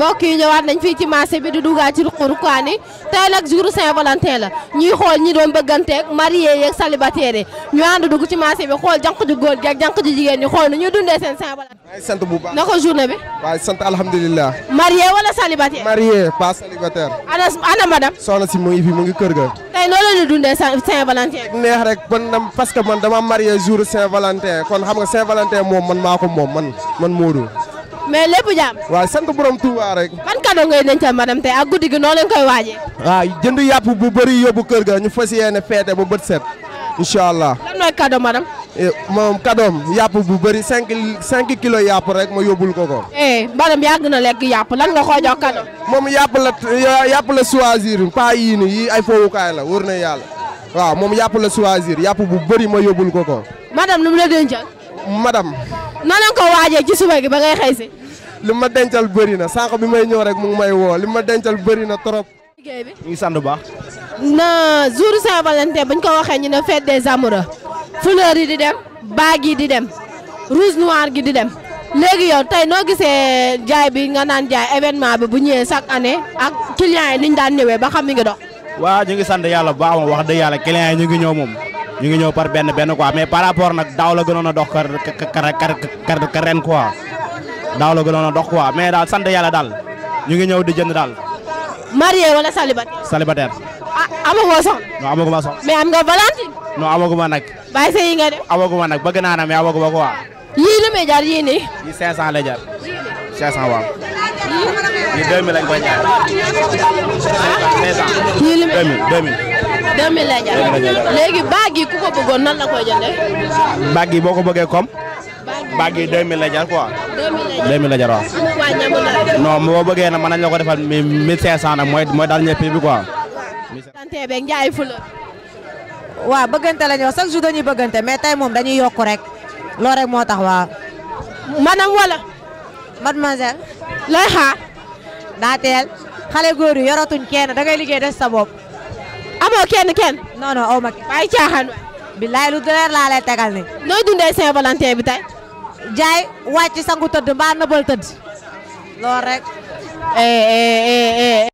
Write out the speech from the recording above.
mbokk yi ñëwaat nañ fii ci marché bi di dugaat ci ruqu ruqaan yi tey nag jour Saint-Valentin la ñuy xool ñi doon bëgganteeg marié yeeg célibataire ñu ànd dugg ci marché bi xool jànq ju góor gi ji jànq ju jigéen ñi xool nu ñuy dundee seen Saint-Valentin. waay sant bu baax bi. waay sant alhamdulilah. marié wala célibataire. marié pas célibataire. ana ana madame. si mu ngi fi mu kër ga. tey noonu la ñuy dundee Saint-Valentin. neex rek man parce que man dama marié jour seen valentin kon xam nga saint man maa ko moom man man Modou mais lépp jaam. waaw sant borom Touba rek. ban cadeau ngay dencal madame tey ak guddi gi noo leen koy waajee. waaw jënd yàpp bu yóbbu kër ga ñu fas yéene feete ba bët set. incha allah lan mooy cadeau madame. Eh, moom cadeau yàpp bu bëri 5 5 kilos yàpp rek ma yóbbul ko ko. Eh, madame yàgg na lekk yàpp lan nga koo jox cadeau. moom yàpp la yàpp la choisir pas ay fowukaay la wër na yàlla waaw moom yàpp la choisir yàpp bu bëri ma yóbbul ko ko. madame nu mu la dencal. li ma dencal bëri na sànq bi may ñëw rek mu ngi may woo li ma dencal bëri na trop. liggéey bi ñu ngi sant bu baax. na jour Valentin buñ ko waxee ñu ne fête des amoureux fleurs yi di dem baa yi di dem rouge noir gi di dem léegi yow tey noo gisee jaay bi nga naan jaay événement bi bu ñëwee chaque année ak clients yi niñ daan ñëwee ba xam mi ngi dox. waa ñu ngi sant yàlla bu baax moom wax dëgg yàlla clients yi ñu ngi ñëw moom. ñu ngi ñëw par benn benn ko mais par rapport nag daaw la gënoon a dox kar kar kar quoi. daaw la gënoon a dox quoi daal sant yàlla daal ñu ngi ñëw di jënd dal marié wala célibataire. célibataire. ah amaguma soxna. non amaguma soxna. mais am nga Valentine. nag. bàyyi sa yi nga def. amaguma nag bëgg naa na mais amaguma quoi. yii lu jar yii nii. yii 500 lay jar. 500 waaw. yii 2000 lañ jar. 500 yii lu muy 2000 2000. 2000 koy jëndee. bag yi boo ko bëggee comme. baag yi 2000 lay jar quoi. 2000 lay jar waaw. non boo bëggee nag mën nañ la ko defal 1500 mooy mooy daal ñëpp bi quoi. tante beeg njaay fula. waaw bëggante la ñoo chaque jour dañuy bëggante mais tey moom dañu yokk rek loo rek moo tax wa manam wala. mademoiselle. lay xaar. daa teel xale góor yi yoratuñ kenn dangay liggéey des sa bopp. amoo kenn kenn. non non aw ma kenn. waaye caaxaan. billaay lu dëgër laa tegal ni nooy dundee Saint-Valentin bi tey. jaay wàcc sangu tëdd mbaa nëbal tëdd loolu rek. Eh, eh, eh,